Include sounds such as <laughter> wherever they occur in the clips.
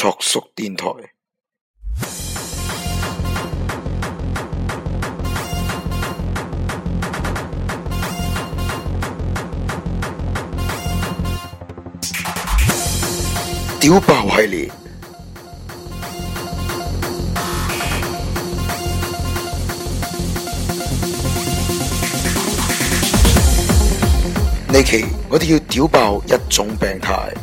碩叔電台，屌爆系列，呢期我哋要屌爆一種病態。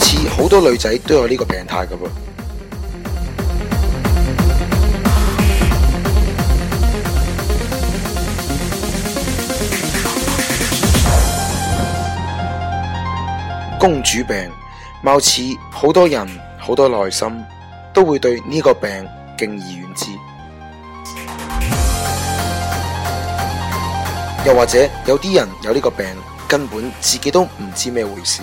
似好多女仔都有呢個病態㗎噃，公主病，貌似好多人好多內心都會對呢個病敬而遠之，又或者有啲人有呢個病，根本自己都唔知咩回事。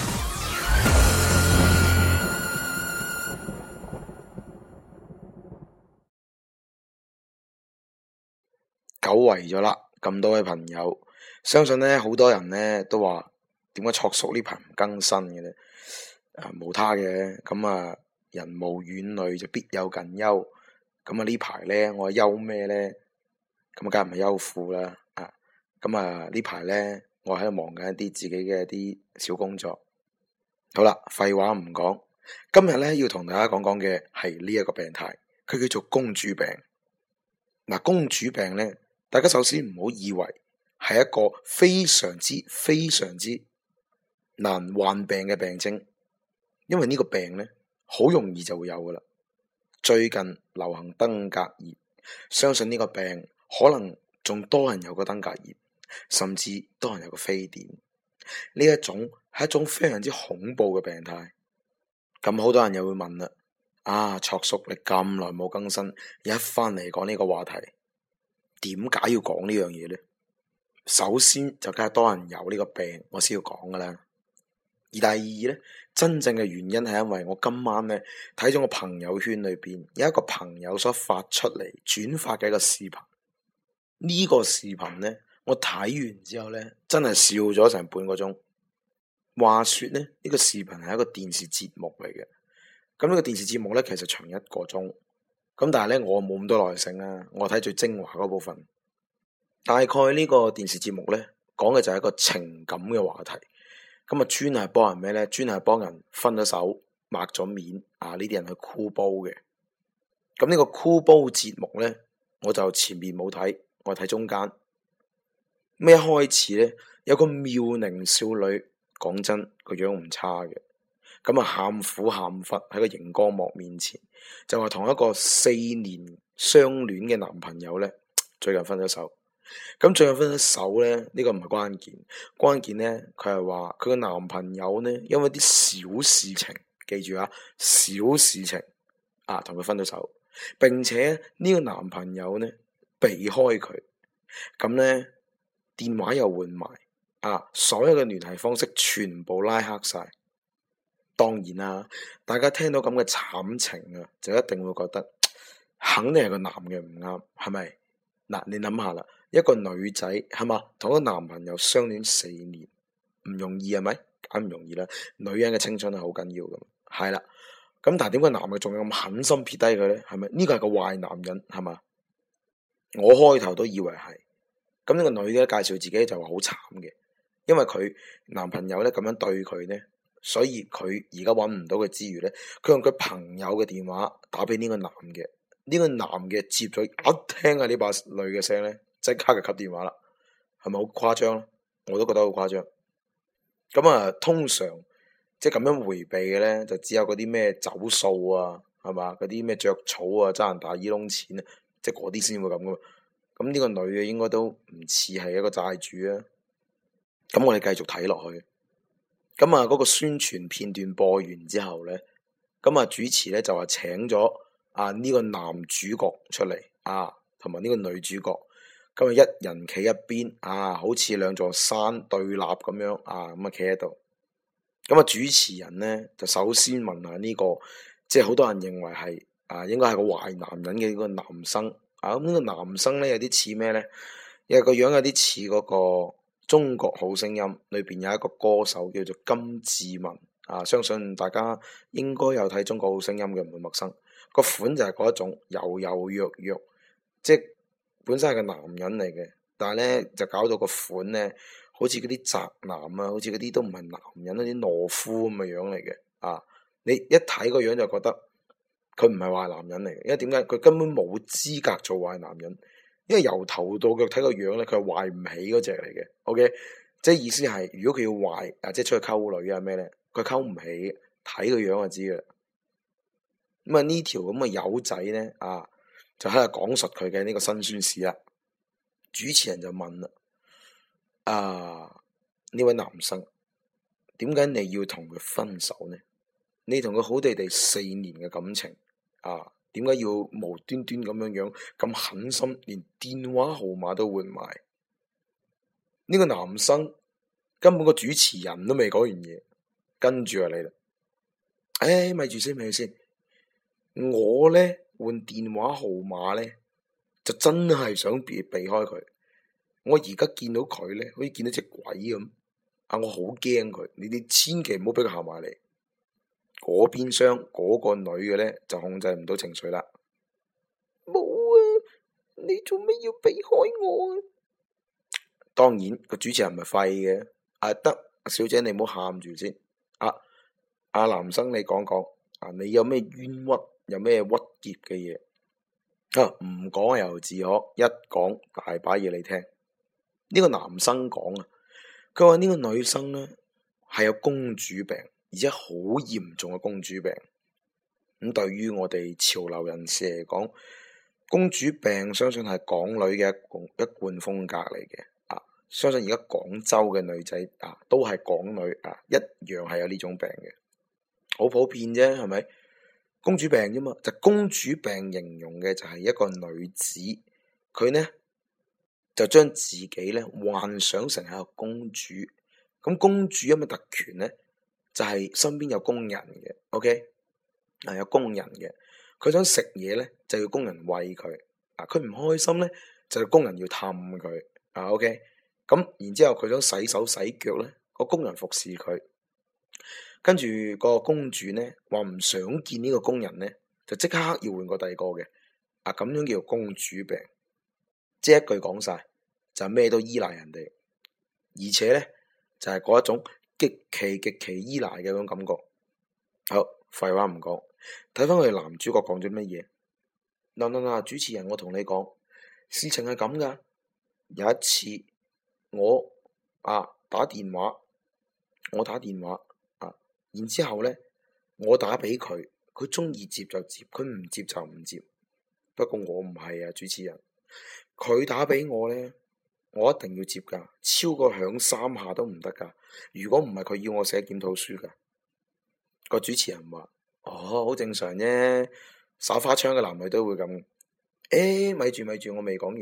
久違咗啦，咁多位朋友，相信咧好多人咧都話點解卓叔呢排唔更新嘅咧？啊，冇他嘅，咁、嗯、啊人無遠慮就必有、嗯、近憂，咁啊呢排咧我憂咩咧？咁啊，梗係唔係憂富啦啊！咁啊呢排咧我喺度忙緊一啲自己嘅一啲小工作。好啦，廢話唔講，今日咧要同大家講講嘅係呢一個病態，佢叫做公主病。嗱、嗯，公主病咧。大家首先唔好以為係一個非常之非常之難患病嘅病症，因為呢個病呢好容易就會有㗎喇。最近流行登革熱，相信呢個病可能仲多人有個登革熱，甚至多人有個非典。呢一種係一種非常之恐怖嘅病態。咁好多人又會問啦：「啊，卓叔，你咁耐冇更新，一返嚟講呢個話題。點解要講呢樣嘢呢？首先就梗係多人有呢個病，我先要講噶啦。而第二呢，真正嘅原因係因為我今晚呢睇咗我朋友圈裏邊有一個朋友所發出嚟轉發嘅一個視頻。呢個視頻呢，我睇完之後呢，真係笑咗成半個鐘。話說呢，呢個視頻係一個電視節目嚟嘅。咁呢個電視節目呢，其實長一個鐘。咁但係咧，我冇咁多耐性啊！我睇最精華嗰部分。大概呢個電視節目咧，講嘅就係一個情感嘅話題。咁啊，專係幫人咩咧？專係幫人分咗手，抹咗面啊！呢啲人去箍煲嘅。咁呢個箍煲節目咧，我就前面冇睇，我睇中間。咩開始咧？有個妙齡少女，講真，個樣唔差嘅。咁啊，喊苦喊忽喺個熒光幕面前，就話、是、同一個四年相戀嘅男朋友咧，最近分咗手。咁最近分咗手咧，呢、這個唔係關鍵，關鍵咧佢係話佢個男朋友呢，因為啲小事情，記住啊，小事情啊，同佢分咗手，並且呢、這個男朋友咧避開佢，咁咧電話又換埋啊，所有嘅聯繫方式全部拉黑晒。當然啦、啊，大家聽到咁嘅慘情啊，就一定會覺得肯定係個男嘅唔啱，係咪？嗱，你諗下啦，一個女仔係嘛，同個男朋友相戀四年，唔容易係咪？梗唔容易啦，女人嘅青春係好緊要噶，係啦。咁但係點解男嘅仲有咁狠心撇低佢咧？係咪？呢個係個壞男人係嘛？我開頭都以為係，咁呢個女嘅介紹自己就話好慘嘅，因為佢男朋友咧咁樣對佢咧。所以佢而家揾唔到嘅之餘，咧，佢用佢朋友嘅電話打俾呢個男嘅，呢、呢個男嘅接咗，一、啊、聽係呢把女嘅聲咧，即刻就吸電話啦，係咪好誇張？我都覺得好誇張。咁啊，通常即係咁樣回避嘅咧，就只有嗰啲咩走數啊，係嘛，嗰啲咩着草啊，爭人大耳窿錢啊，即係嗰啲先會咁噶嘛。咁呢個女嘅應該都唔似係一個債主啊。咁我哋繼續睇落去。咁啊，嗰個宣傳片段播完之後咧，咁啊主持咧就話請咗啊呢、呢個男主角出嚟啊，同埋呢個女主角，咁、嗯、啊一人企一邊啊，好似兩座山對立咁樣啊，咁啊企喺度。咁啊主持人咧就首先問下呢、呢個，即係好多人認為係啊應該係個壞男人嘅呢個男生啊，咁、嗯、呢、呢個男生咧有啲似咩咧？因為個樣有啲似嗰個。中國好聲音裏邊有一個歌手叫做金志文，啊，相信大家應該有睇中國好聲音嘅唔會陌生。個款就係嗰一種柔柔弱弱，即本身係個男人嚟嘅，但係咧就搞到個款咧，好似嗰啲宅男啊，好似嗰啲都唔係男人嗰啲懦夫咁嘅樣嚟嘅。啊，你一睇個樣就覺得佢唔係壞男人嚟嘅，因為點解？佢根本冇資格做壞男人。因為由頭到腳睇個樣咧，佢係壞唔起嗰隻嚟嘅。OK，即係意思係，如果佢要壞啊，即係出去溝女啊咩咧，佢溝唔起，睇個樣就知啦。咁啊，呢條咁嘅友仔咧，啊，就喺度講述佢嘅呢個辛酸史啦。主持人就問啦，啊，呢位男生，點解你要同佢分手呢？你同佢好地地四年嘅感情，啊。點解要無端端咁樣樣咁狠心，連電話號碼都換埋？呢個男生根本個主持人都未講完嘢，跟住就嚟啦！誒，咪住先，咪住先，我咧換電話號碼咧，就真係想避避開佢。我而家見到佢咧，好似見到隻鬼咁啊！我好驚佢，你哋千祈唔好俾佢行埋嚟。嗰邊廂嗰個女嘅咧就控制唔到情緒啦。冇啊！你做咩要避開我啊？當然個主持人咪廢嘅，阿、啊、得小姐，你唔好喊住先。阿、啊、阿、啊、男生你講講，啊你有咩冤屈，有咩鬱結嘅嘢？啊唔講又自可，一講大把嘢你聽。呢、這個男生講啊，佢話呢個女生咧係有公主病。而且好嚴重嘅公主病，咁對於我哋潮流人士嚟講，公主病相信係港女嘅一貫一貫風格嚟嘅啊！相信而家廣州嘅女仔啊，都係港女啊，一樣係有呢種病嘅，好普遍啫，係咪？公主病啫嘛，就公主病形容嘅就係一個女子，佢呢就將自己呢幻想成係一個公主，咁公主有咩特權呢？就係身邊有工人嘅，OK，啊有工人嘅，佢想食嘢咧就要工人喂佢，啊佢唔開心咧就要工人要氹佢，啊 OK，咁然之後佢想洗手洗腳咧個工人服侍佢，跟住個公主咧話唔想見呢個工人咧就即刻要換個第二個嘅，啊咁樣叫做公主病，即係一句講晒就咩都依賴人哋，而且咧就係嗰一種。極其極其依賴嘅嗰種感覺。好，廢話唔講，睇翻佢男主角講咗乜嘢。嗱嗱嗱，主持人，我同你講，事情係咁噶。有一次，我啊打電話，我打電話啊，然之後咧，我打俾佢，佢中意接就接，佢唔接就唔接。不過我唔係啊，主持人，佢打俾我咧。我一定要接噶，超過響三下都唔得噶。如果唔係，佢要我寫檢討書噶。個主持人話：，哦，好正常啫，耍花槍嘅男女都會咁。誒、欸，咪住咪住，我未講完。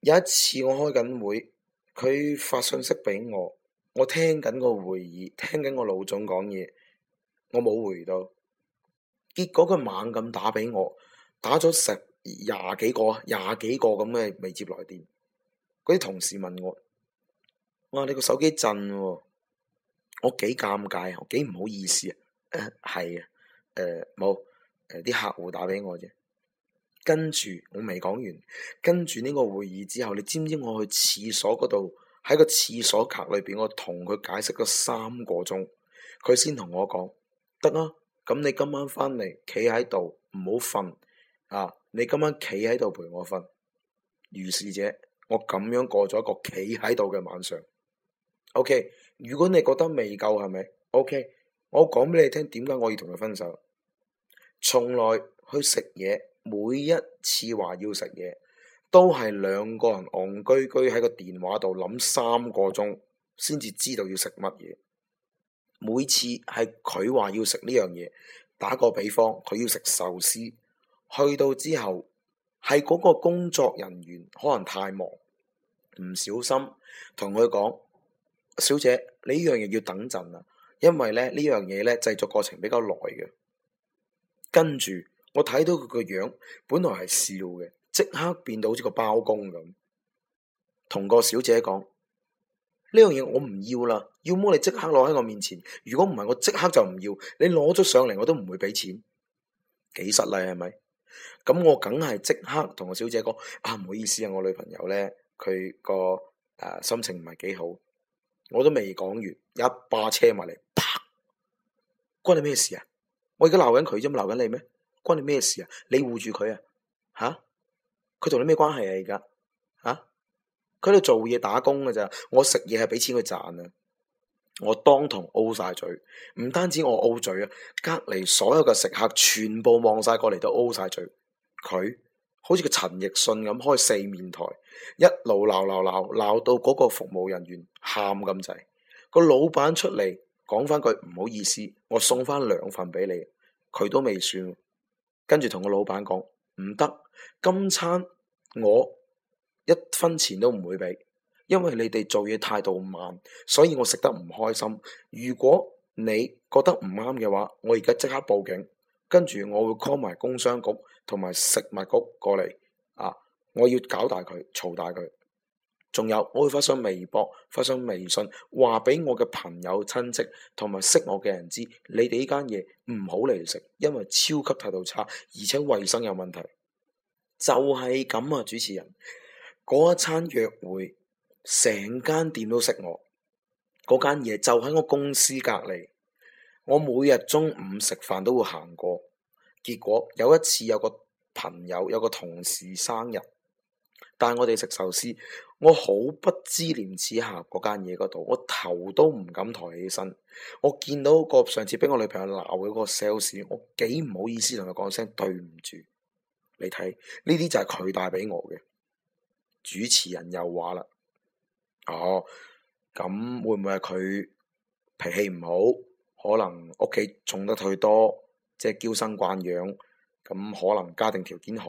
有一次我開緊會，佢發信息俾我，我聽緊個會議，聽緊個老總講嘢，我冇回到，結果佢猛咁打俾我，打咗成廿幾個、廿幾個咁嘅未接來電。嗰啲同事問我：，我話你個手機震，喎，我幾尷尬，我幾唔好意思啊。係啊，誒冇，誒、呃、啲、呃、客戶打俾我啫。跟住我未講完，跟住呢個會議之後，你知唔知我去廁所嗰度。喺個廁所格裏邊，我同佢解釋咗三個鐘，佢先同我講：，得啦，啊，咁你今晚翻嚟，企喺度唔好瞓啊！你今晚企喺度陪我瞓。如是者。我咁樣過咗一個企喺度嘅晚上，OK。如果你覺得未夠，係咪？OK。我講俾你聽，點解我要同佢分手？從來去食嘢，每一次話要食嘢，都係兩個人戇居居喺個電話度諗三個鐘，先至知道要食乜嘢。每次係佢話要食呢樣嘢，打個比方，佢要食壽司，去到之後。係嗰個工作人員可能太忙，唔小心同佢講，小姐，你呢樣嘢要等陣呀，因為咧呢樣嘢咧製作過程比較耐嘅。跟住我睇到佢個樣，本來係笑嘅，即刻變到好似個包公咁，同個小姐講，呢樣嘢我唔要啦，要麼你即刻攞喺我面前，如果唔係我即刻就唔要，你攞咗上嚟，我都唔會俾錢，幾失禮係咪？咁我梗係即刻同我小姐講啊，唔好意思啊，我女朋友咧，佢個誒心情唔係幾好。我都未講完，一把車埋嚟，啪、呃！關你咩事啊？我而家鬧緊佢啫，唔係鬧緊你咩？關你咩事啊？你護住佢啊？吓？佢同你咩關係啊？而家吓？佢喺度做嘢打工噶咋？我食嘢係俾錢佢賺啊！我當堂 O 晒嘴，唔單止我 O 嘴啊，隔籬所有嘅食客全部望晒過嚟都 O 晒嘴。佢好似個陳奕迅咁開四面台，一路鬧鬧鬧，鬧到嗰個服務人員喊咁滯。個老闆出嚟講翻句唔好意思，我送翻兩份俾你。佢都未算，跟住同個老闆講唔得，今餐我一分錢都唔會俾。因為你哋做嘢態度慢，所以我食得唔開心。如果你覺得唔啱嘅話，我而家即刻報警，跟住我會 call 埋工商局同埋食物局過嚟。啊，我要搞大佢，嘈大佢。仲有，我會發上微博，發上微信，話俾我嘅朋友、親戚同埋識我嘅人知，你哋呢間嘢唔好嚟食，因為超級態度差，而且衛生有問題。就係咁啊！主持人，嗰一餐約會。成間店都識我，嗰間嘢，就喺我公司隔籬，我每日中午食飯都會行過。結果有一次有個朋友，有個同事生日，帶我哋食壽司，我好不知廉恥下嗰間嘢嗰度，我頭都唔敢抬起身。我見到個上次俾我女朋友鬧嘅嗰個 sales，我幾唔好意思同佢講聲對唔住。你睇呢啲就係佢帶俾我嘅。主持人又話啦。哦，咁會唔會係佢脾氣唔好？可能屋企寵得太多，即係嬌生慣養。咁可能家庭條件好，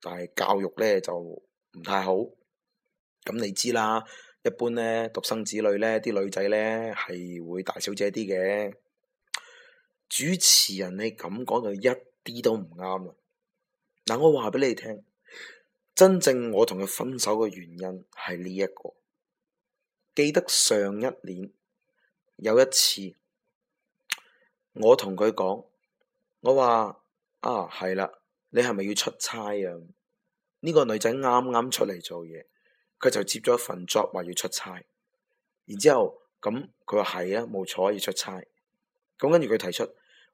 但係教育呢就唔太好。咁你知啦，一般呢，獨生子女呢啲女仔呢係會大小姐啲嘅。主持人，你咁講就一啲都唔啱啦。嗱，我話俾你聽，真正我同佢分手嘅原因係呢一個。記得上一年有一次，我同佢講，我話啊，係啦，你係咪要出差啊？呢、這個女仔啱啱出嚟做嘢，佢就接咗一份 job，話要出差。然之後咁，佢話係啊，冇錯，要出差。咁跟住佢提出，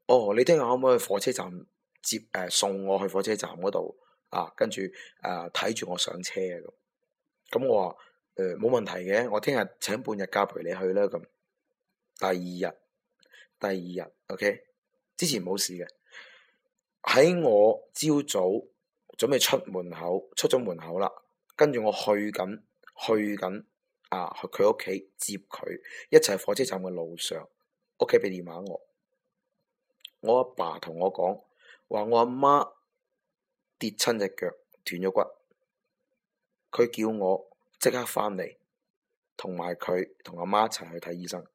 哦，你聽日可唔可以去火車站接誒、呃、送我去火車站嗰度啊？跟住誒睇住我上車咁。咁、嗯、我話。誒，冇、呃、問題嘅，我聽日請半日假陪你去啦，咁第二日，第二日，OK，之前冇事嘅。喺我朝早準備出門口，出咗門口啦，跟住我去緊，去緊啊，去佢屋企接佢，一齊喺火車站嘅路上，屋企俾電話我，我阿爸同我講話我阿媽跌親隻腳，斷咗骨，佢叫我，即刻翻嚟，同埋佢同阿媽一齊去睇醫生。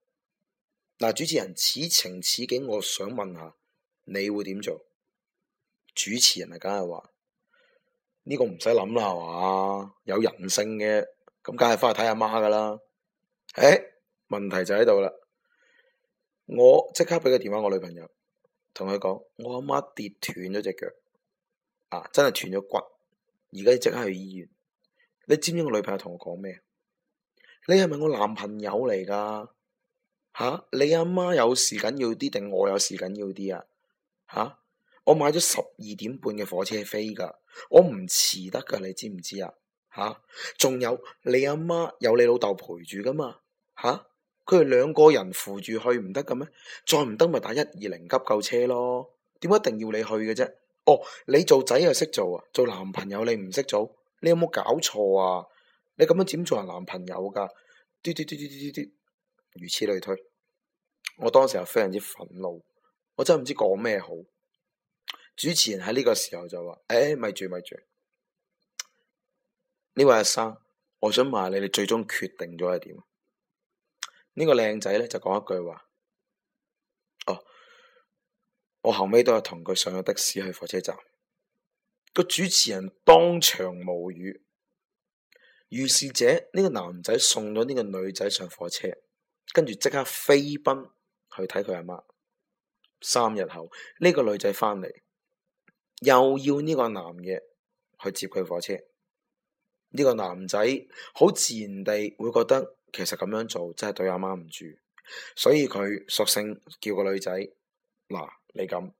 嗱，主持人此情此景，我想問下，你會點做？主持人啊，梗係話呢個唔使諗啦，係嘛？有人性嘅，咁梗係翻去睇阿媽噶啦。誒、欸，問題就喺度啦。我即刻俾個電話我女朋友，同佢講我阿媽跌斷咗隻腳，啊，真係斷咗骨，而家即刻去醫院。你知唔知我女朋友同我講咩？你係咪我男朋友嚟噶？吓、啊，你阿媽有事緊要啲定我有事緊要啲啊？吓，我買咗十二點半嘅火車飛噶，我唔遲得噶，你知唔知啊？吓，仲有你阿媽有你老豆陪住噶嘛？吓、啊，佢哋兩個人扶住去唔得噶咩？再唔得咪打一二零急救車咯？點解一定要你去嘅啫？哦，你做仔又識做啊，做男朋友你唔識做？你有冇搞錯啊？你咁樣點做人男朋友噶？嘟嘟嘟嘟嘟嘟嘟嘟嘟，如此類推。我當時又非常之憤怒，我真係唔知講咩好。主持人喺呢個時候就話：誒、欸，咪住咪住，呢位阿生，我想問下你哋最終決定咗係點？這個、呢個靚仔咧就講一句話：哦，我後尾都係同佢上咗的士去火車站。個主持人當場無語，於是者呢個男仔送咗呢個女仔上火車，跟住即刻飛奔去睇佢阿媽。三日後呢個女仔返嚟，又要呢個男嘅去接佢火車。呢個男仔好自然地會覺得，其實咁樣做真係對阿媽唔住，所以佢索性叫個女仔嗱你咁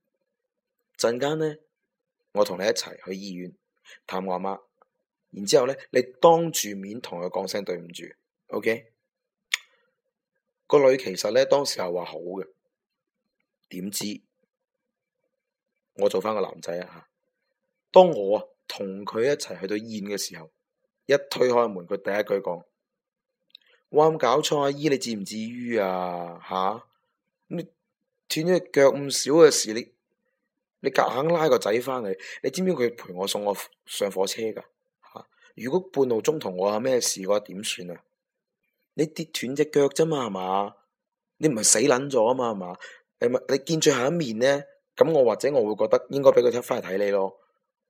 陣間呢？我同你一齊去醫院探我阿媽，然之後咧，你當住面同佢講聲對唔住，OK？個女其實咧當時係話好嘅，點知我做翻個男仔啊！當我同佢一齊去到醫院嘅時候，一推開門，佢第一句講：我啱搞錯，阿姨你至唔至於啊？吓，你斷咗隻腳咁少嘅事，你？你夾硬拉個仔翻嚟，你知唔知佢陪我送我上火車噶？吓？如果半路中同我有咩事嘅話，點算啊？你跌斷隻腳啫嘛，係嘛？你唔係死捻咗啊嘛，係嘛？你咪你見最後一面咧，咁我或者我會覺得應該俾佢睇翻嚟睇你咯。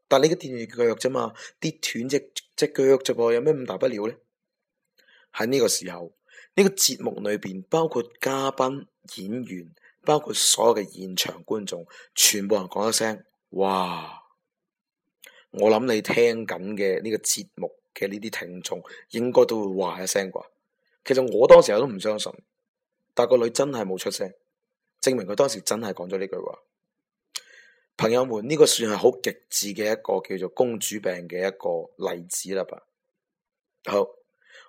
但係你個斷隻腳啫嘛，跌斷隻隻腳啫噃，有咩咁大不了咧？喺呢個時候，呢個節目裏邊包括嘉賓、演員。包括所有嘅現場觀眾，全部人講一聲，哇！我諗你聽緊嘅呢個節目嘅呢啲聽眾，應該都會話一聲啩。其實我當時我都唔相信，但個女真係冇出聲，證明佢當時真係講咗呢句話。朋友們，呢個算係好極致嘅一個叫做公主病嘅一個例子啦吧？好，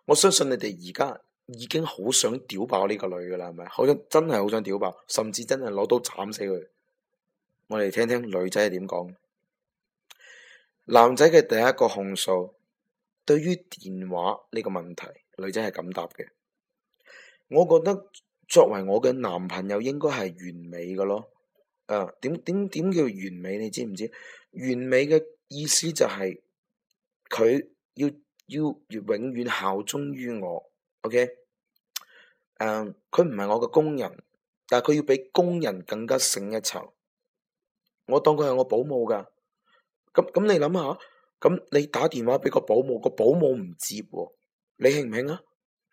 我相信你哋而家。已經好想屌爆呢個女㗎喇，係咪？好想真係好想屌爆，甚至真係攞刀斬死佢。我嚟聽聽女仔係點講。男仔嘅第一個控訴，對於電話呢個問題，女仔係咁答嘅。我覺得作為我嘅男朋友，應該係完美㗎囉。誒、啊，點點點叫完美？你知唔知？完美嘅意思就係、是、佢要要要永遠效忠於我。OK。誒，佢唔係我嘅工人，但係佢要比工人更加醒一籌。我當佢係我保姆噶，咁咁你諗下，咁你打電話俾個保姆，個保姆唔接，哦，你興唔興啊？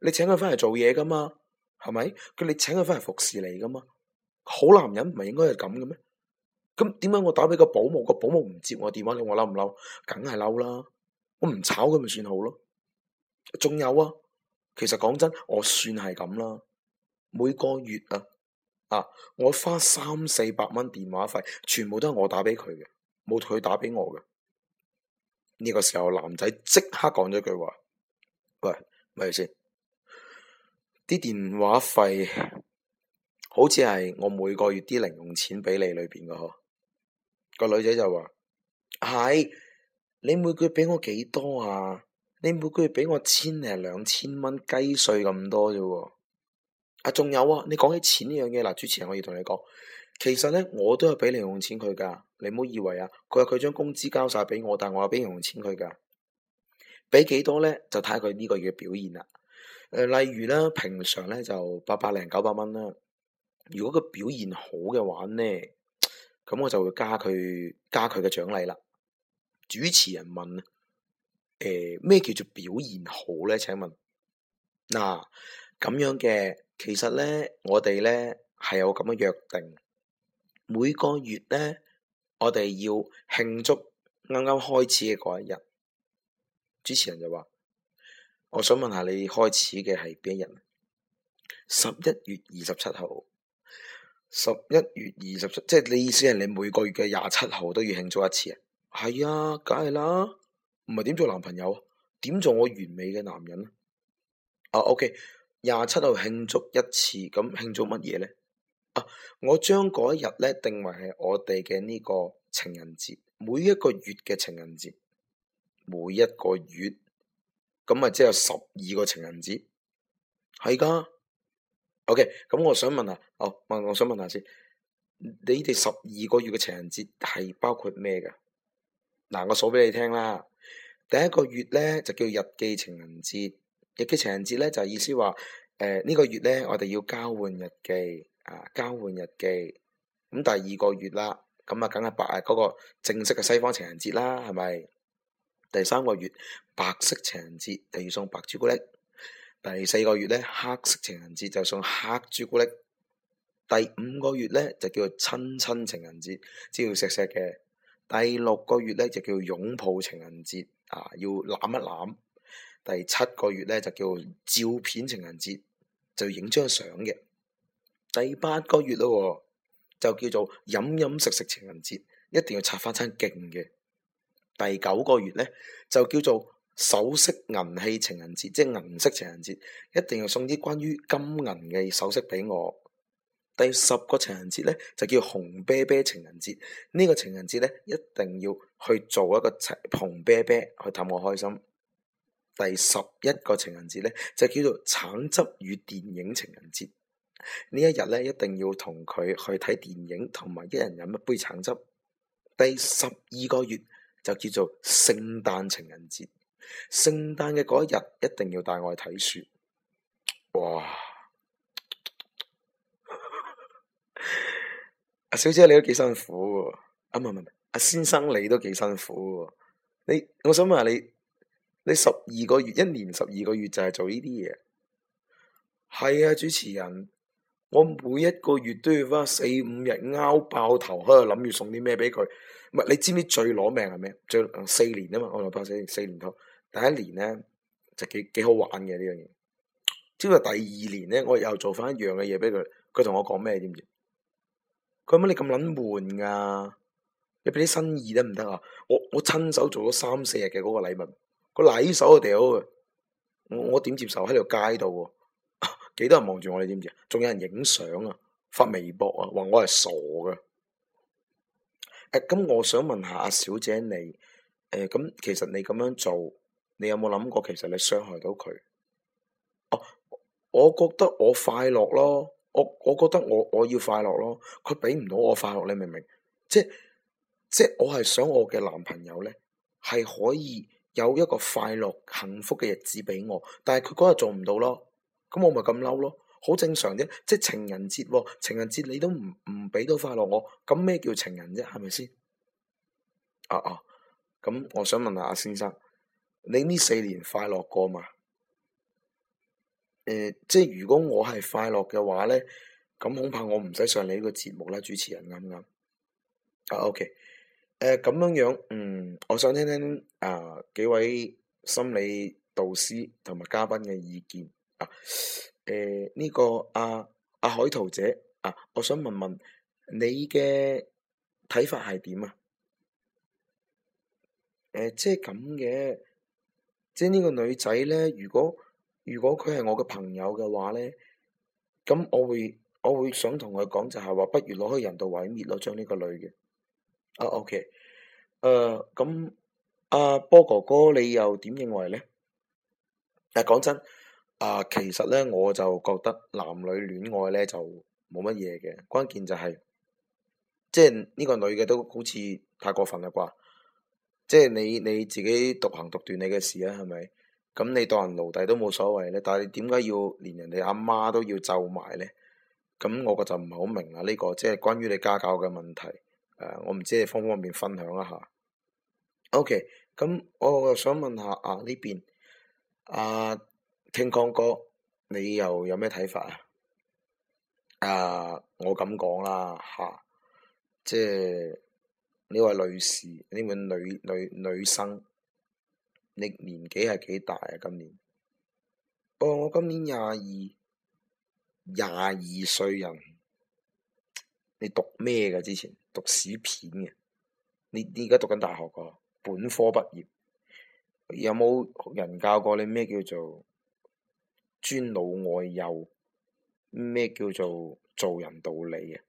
你請佢翻嚟做嘢噶嘛？係咪？佢你請佢翻嚟服侍你噶嘛？好男人唔係應該係咁嘅咩？咁點解我打俾個保姆，個保姆唔接我電話，你我嬲唔嬲？梗係嬲啦，我唔炒佢咪算好咯？仲有啊。其實講真，我算係咁啦。每個月啊，啊，我花三四百蚊電話費，全部都係我打畀佢嘅，冇佢打畀我嘅。呢個時候男仔即刻講咗句話：喂，咪先？啲電話費好似係我每個月啲零用錢畀你裏邊嘅嗬。個女仔就話：係、哎，你每個月畀我幾多啊？你每個月俾我千零兩千蚊雞稅咁多啫喎，啊，仲有啊！你講起錢呢樣嘢，嗱，主持人我要同你講，其實咧我都有俾零用錢佢噶，你唔好以為啊，佢話佢將工資交晒俾我，但係我有俾零用錢佢噶，俾幾多咧就睇佢呢個月嘅表現啦。誒、呃，例如咧，平常咧就八百零九百蚊啦，如果個表現好嘅話咧，咁我就會加佢加佢嘅獎勵啦。主持人問。誒，咩、呃、叫做表現好咧？請問，嗱、啊、咁樣嘅，其實咧，我哋咧係有咁嘅約定，每個月咧，我哋要慶祝啱啱開始嘅嗰一日。主持人就話：我想問下你開始嘅係邊一日？十一月二十七號。十一月二十七，即係你意思係你每個月嘅廿七號都要慶祝一次啊？係啊，梗係啦。唔係點做男朋友？點做我完美嘅男人啊、uh,，OK，廿七號慶祝一次，咁慶祝乜嘢咧？啊、uh,，我將嗰一日咧定為係我哋嘅呢個情人節，每一個月嘅情人節，每一個月，咁咪即係有十二個情人節，係噶。OK，咁我想問下，哦，問我想問下先，你哋十二個月嘅情人節係包括咩噶？嗱，我數俾你聽啦。第一個月咧就叫日記情人節，日記情人節咧就意思話，誒、呃、呢、這個月咧我哋要交換日記，啊交換日記。咁、嗯、第二個月啦，咁啊梗係白嗰、那個正式嘅西方情人節啦，係咪？第三個月白色情人節，就要送白朱古力。第四個月咧黑色情人節，就送黑朱古力。第五個月咧就叫親親情人節，只要錫錫嘅。第六個月咧就叫擁抱情人節。啊！要攬一攬，第七個月咧就叫照片情人節，就影張相嘅。第八個月咯，就叫做飲飲食食情人節，一定要拆翻餐勁嘅。第九個月咧就叫做首飾銀器情人節，即係銀飾情人節，一定要送啲關於金銀嘅首飾俾我。第十個情人節咧，就叫紅啤啤情人節，呢、呢個情人節咧一定要去做一個情紅啤啤去氹我開心。第十一個情人節咧，就叫做橙汁與電影情人節，呢一日咧一定要同佢去睇電影，同埋一人飲一杯橙汁。第十二個月就叫做聖誕情人節，聖誕嘅嗰一日一定要帶我去睇雪哇！阿小姐，你都幾辛苦喎？啊，唔係唔係，阿先生你都幾辛苦喎？你，我想問下你，你十二個月，一年十二個月就係做呢啲嘢？係啊，主持人，我每一個月都要花四五日，拗爆頭，喺度諗住送啲咩俾佢。唔係，你知唔知最攞命係咩？最四年啊嘛，我老豆四年，四年頭。第一年咧，這個，就幾幾好玩嘅呢樣嘢。之後第二年咧，我又做翻一樣嘅嘢俾佢，佢同我講咩？知唔知？佢乜你咁撚悶噶？你俾啲新意得唔得啊？行行我我親手做咗三四日嘅嗰個禮物，個禮手啊屌我我點接受喺條街度？幾、啊、多人望住我你知唔知？仲有人影相啊，發微博啊，話我係傻嘅。誒、啊，咁我想問下阿小姐你，誒、啊，咁其實你咁樣做，你有冇諗過其實你傷害到佢？哦、啊，我覺得我快樂咯。我我覺得我我要快樂咯，佢俾唔到我快樂，你明唔明？即即我係想我嘅男朋友咧，係可以有一個快樂幸福嘅日子俾我，但係佢嗰日做唔到咯，咁我咪咁嬲咯，好正常啫。即情人節喎，情人節你都唔唔俾到快樂我，咁咩叫情人啫？係咪先？啊啊，咁我想問下阿先生，你呢四年快樂過嘛？誒，即係如果我係快樂嘅話咧，咁恐怕我唔使上你呢個節目啦，主持人啱唔啱？啊，OK，誒、呃，咁樣樣，嗯，我想聽聽啊、呃、幾位心理導師同埋嘉賓嘅意見啊，誒、呃，呢個啊，阿海濤姐啊，我想問問你嘅睇法係點啊？誒、呃，即係咁嘅，即係呢個女仔咧，如果。如果佢係我嘅朋友嘅話咧，咁我會我會想同佢講，就係話不如攞去人道毀滅咯，將呢個女嘅。啊、uh,，OK，誒，咁阿波哥哥，你又點認為咧？但、uh, 講真，啊、uh,，其實咧，我就覺得男女戀愛咧就冇乜嘢嘅，關鍵就係、是、即係呢個女嘅都好似太過分啦啩，即係你你自己獨行獨斷你嘅事啊，係咪？咁你當人奴隸都冇所謂咧，但係你點解要連人哋阿媽都要咒呢就埋咧？咁、這、我個就唔係好明啦。呢個即係關於你家教嘅問題。誒、呃，我唔知你方唔方便分享一下。OK，咁我又想問下啊呢邊啊 King Kong 哥，你又有咩睇法啊？誒、啊，我咁講啦吓、啊，即係呢位女士，呢、這、位、個、女女女生。你年紀係幾大啊？今年，哦，我今年廿二廿二歲人。你讀咩噶？之前讀史片嘅。你你而家讀緊大學噶，本科畢業。有冇人教過你咩叫做尊老愛幼？咩叫做做人道理啊？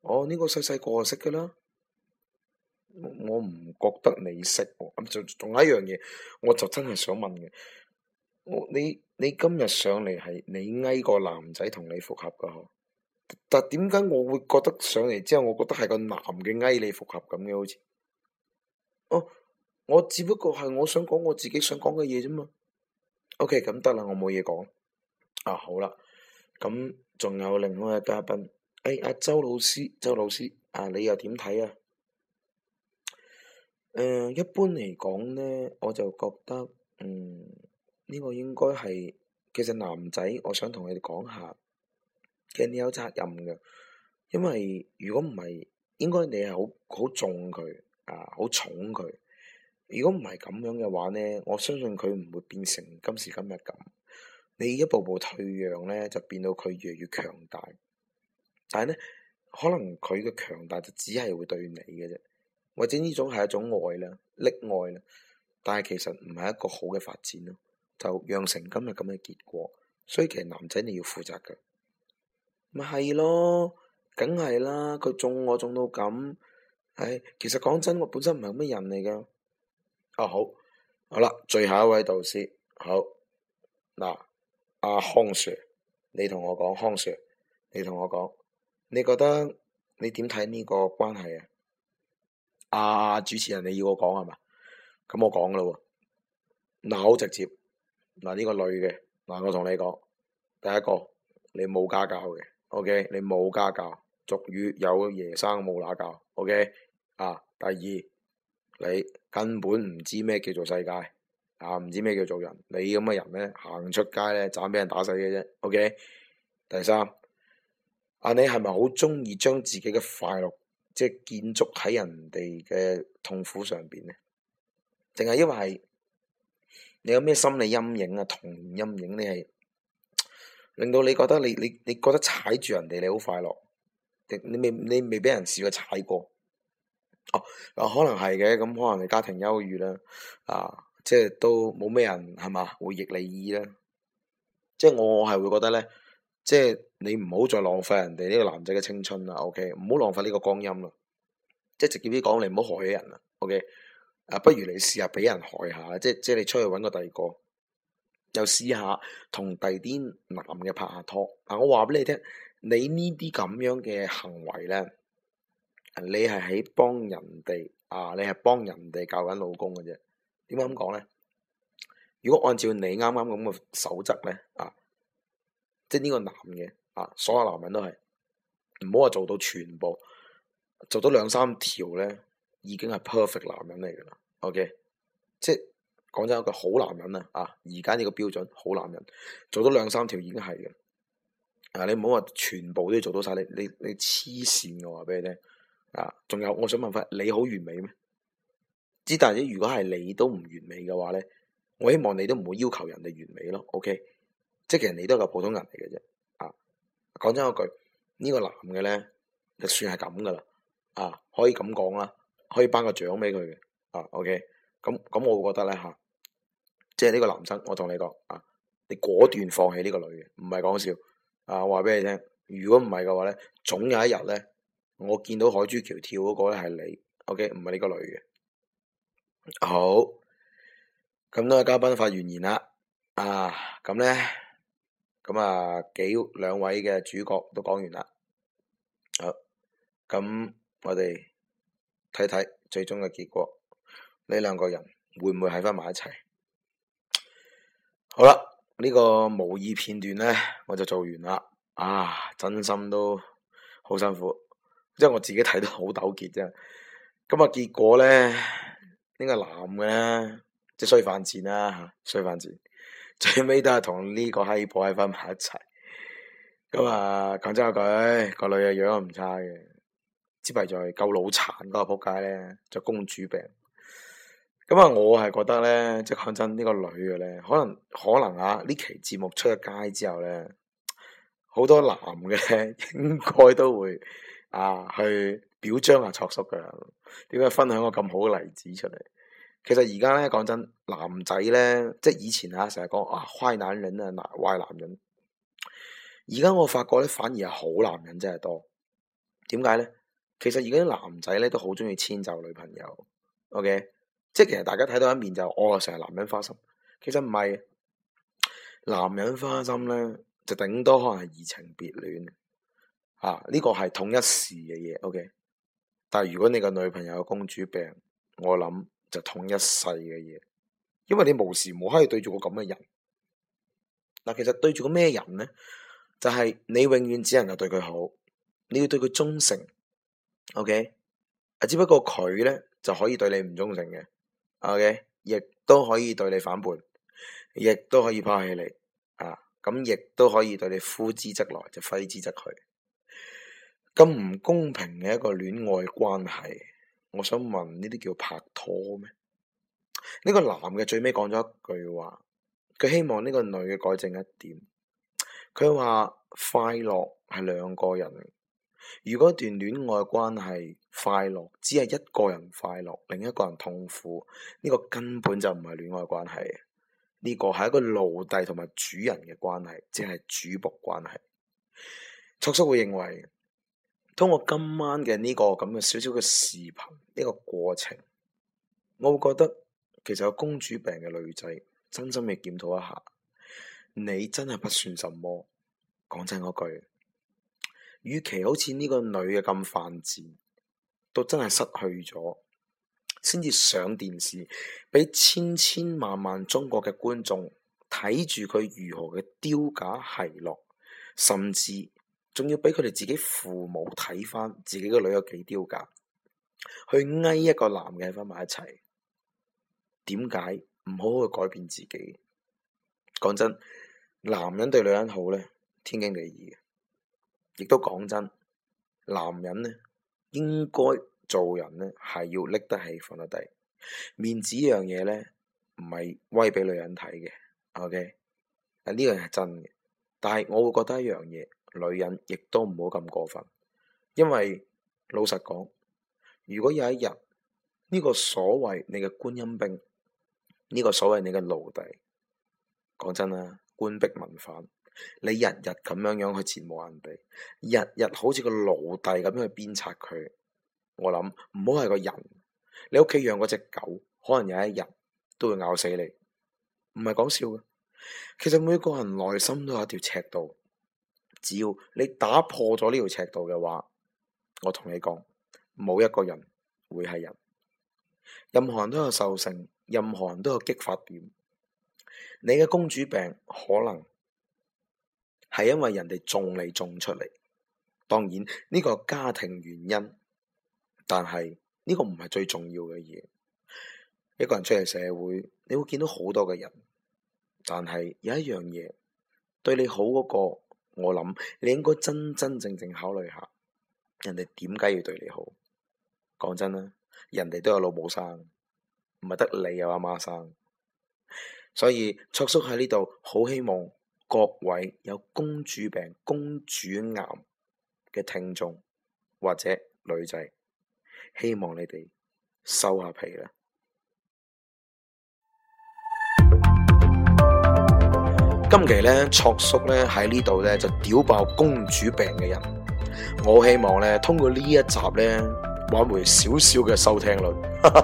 我、哦、呢、呢個細細個識噶啦。我唔覺得你識我，咁就仲有一樣嘢，我就真係想問嘅，我你你今日上嚟係你嗌個男仔同你復合噶，但係點解我會覺得上嚟之後，我覺得係個男嘅嗌你復合咁嘅好似，我、哦、我只不過係我想講我自己想講嘅嘢啫嘛，OK 咁得啦，我冇嘢講，啊好啦，咁仲有另外嘅嘉賓，誒、哎、阿周老師，周老師啊你又點睇啊？誒、呃，一般嚟講咧，我就覺得，嗯，呢、這個應該係，其實男仔，我想同你哋講下，其實你有責任嘅，因為如果唔係，應該你係好好重佢，啊，好寵佢，如果唔係咁樣嘅話咧，我相信佢唔會變成今時今日咁，你一步步退讓咧，就變到佢越嚟越強大，但係咧，可能佢嘅強大就只係會對你嘅啫。或者呢種係一種愛啦，溺愛啦，但係其實唔係一個好嘅發展咯，就釀成今日咁嘅結果。所以其實男仔你要負責噶，咪係咯，梗係啦，佢縱我縱到咁，唉，其實講真，我本身唔係咁嘅人嚟噶。啊、哦，好，好啦，最後一位導師，好嗱，阿康 Sir，你同我講，康 Sir，你同我講，你覺得你點睇呢個關係啊？啊！主持人，你要我講係嘛？咁我講噶咯喎。嗱，好直接。嗱，呢個女嘅，嗱，我同你講，第一個，你冇家教嘅，OK，你冇家教，俗語有爺生冇乸教，OK。啊，第二，你根本唔知咩叫做世界，啊，唔知咩叫做人，你咁嘅人咧，行出街咧，盞俾人打死嘅啫，OK。第三，啊，你係咪好中意將自己嘅快樂？即係建築喺人哋嘅痛苦上邊咧，定係因為你有咩心理陰影啊、童年陰影，你係令到你覺得你你你覺得踩住人哋你好快樂，定你，你未你未俾人試過踩過？哦、啊啊，可能係嘅，咁可能係家庭憂鬱啦，啊，即係都冇咩人係嘛，回應你意啦。即係我我係會覺得咧，即係。你唔好再浪費人哋呢個男仔嘅青春啦，OK？唔好浪費呢個光陰啦，即係直接啲講，你唔好害人啦，OK？啊，不如你試下俾人害下，即係即係你出去揾個第二個，又試下同第二啲男嘅拍下拖。嗱，啊，我話俾你聽，你呢啲咁樣嘅行為咧，你係喺幫人哋啊，你係幫人哋教緊老公嘅啫。點解咁講咧？如果按照你啱啱咁嘅守則咧，啊，即係呢個男嘅。啊！所有男人都係唔好話做到全部，做到兩三條咧，已經係 perfect 男人嚟噶啦。OK，即係講真，一個好男人啊！啊，而家呢個標準好男人，做到兩三條已經係嘅。啊，你唔好話全部都要做到晒，你你你黐線我話俾你聽啊。仲有，我想問翻你，好完美咩？只但係，如果係你都唔完美嘅話咧，我希望你都唔會要求人哋完美咯。OK，即係其實你都係個普通人嚟嘅啫。講真一句，呢個男嘅咧，就算係咁噶啦，啊，可以咁講啦，可以頒個獎俾佢嘅，啊，OK，咁咁，我覺得咧吓、啊，即係呢個男生，我同你講，啊，你果斷放棄呢個女嘅，唔係講笑，啊，話俾你聽，如果唔係嘅話咧，總有一日咧，我見到海珠橋跳嗰個咧係你，啊，OK，唔係呢個女嘅，好，咁多位嘉賓發完言啦，啊，咁咧。咁啊，幾兩位嘅主角都講完啦。好，咁我哋睇睇最終嘅結果，呢兩個人會唔會喺翻埋一齊？好啦，呢個模擬片段咧，我就做完啦。啊，真心都好辛苦，即係我自己睇得好糾結啫。咁啊，結果咧，呢個男嘅即衰犯賤啦，吓衰犯賤。最尾都係同呢個閪婆喺翻埋一齊，咁啊講真，佢個女嘅樣唔差嘅，只弊在夠腦殘，個仆街咧就公主病。咁啊，我係覺得咧，即係講真，呢個女嘅咧，可能可能啊，呢期節目出咗街之後咧，好多男嘅咧應該都會啊去表彰下卓叔嘅，點解分享個咁好嘅例子出嚟？其實而家咧講真，男仔咧即係以前啊，成日講啊壞男人啊，男壞男人。而家我發覺咧，反而係好男人真係多。點解咧？其實而家啲男仔咧都好中意遷就女朋友。OK，即係其實大家睇到一面就是，我成日男人花心。其實唔係，男人花心咧就頂多可能係移情別戀。啊，呢個係統一時嘅嘢。OK，但係如果你個女朋友有公主病，我諗。就統一世嘅嘢。因為你無時無刻對住個咁嘅人。嗱，其實對住個咩人咧？就係你永遠只能夠對佢好，你要對佢忠誠，OK？啊，只不過佢咧就可以對你唔忠誠嘅，OK？亦都可以對你反叛，亦都可以拋棄你，啊，咁亦都可以對你呼之則來就揮之則去，咁唔公平嘅一個戀愛關係。我想問呢啲叫拍拖咩？呢個男嘅最尾講咗一句話，佢希望呢個女嘅改正一點。佢話快樂係兩個人，如果一段戀愛關係快樂只係一個人快樂，另一個人痛苦，呢個根本就唔係戀愛關係。呢個係一個奴隸同埋主人嘅關係，即係主僕關係。叔叔會認為。通過今晚嘅呢、這個咁嘅少少嘅視頻，呢、這個過程，我會覺得其實有公主病嘅女仔，真心嘅檢討一下。你真係不算什麼。講真嗰句，與其好似呢個女嘅咁犯賤，都真係失去咗，先至上電視，俾千千萬萬中國嘅觀眾睇住佢如何嘅丟架奚落，甚至。仲要俾佢哋自己父母睇翻自己個女有幾丟格，去呃一個男嘅喺翻埋一齊，點解唔好好去改變自己？講真，男人對女人好咧，天經地義。亦都講真，男人呢應該做人呢，係要拎得起、放得低，面子呢樣嘢咧唔係威俾女人睇嘅。O K，啊呢樣係真嘅，但係我會覺得一樣嘢。女人亦都唔好咁過分，因為老實講，如果有一日呢個所謂你嘅觀音兵，呢個所謂你嘅奴隸，講真啊，官逼民反，你日日咁樣樣去折磨人哋，日日好似個奴隸咁樣去鞭策佢，我諗唔好係個人，你屋企養嗰隻狗，可能有一日都會咬死你，唔係講笑嘅，其實每個人內心都有一條尺度。只要你打破咗呢條尺度嘅話，我同你講，冇一個人會係人，任何人都有獸性，任何人都有激發點。你嘅公主病可能係因為人哋縱你縱出嚟，當然呢個家庭原因，但係呢個唔係最重要嘅嘢。一個人出嚟社會，你會見到好多嘅人，但係有一樣嘢對你好嗰個。我諗你應該真真正正考慮下，人哋點解要對你好？講真啦，人哋都有老母生，唔係得你有阿媽生。所以卓叔喺呢度好希望各位有公主病、公主癌嘅聽眾或者女仔，希望你哋收下皮啦。今期咧，卓叔咧喺呢度咧就屌爆公主病嘅人。我希望咧通過呢一集咧挽回少少嘅收聽率。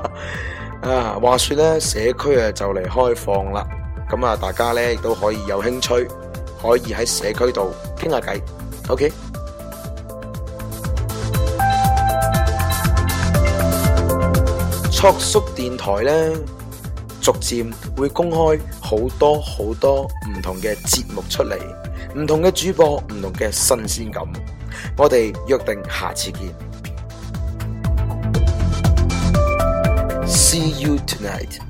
<laughs> 啊，話說咧社區啊就嚟開放啦，咁、嗯、啊大家咧亦都可以有興趣，可以喺社區度傾下偈。OK，卓叔電台咧。逐漸會公開好多好多唔同嘅節目出嚟，唔同嘅主播，唔同嘅新鮮感。我哋約定下次見，See you tonight。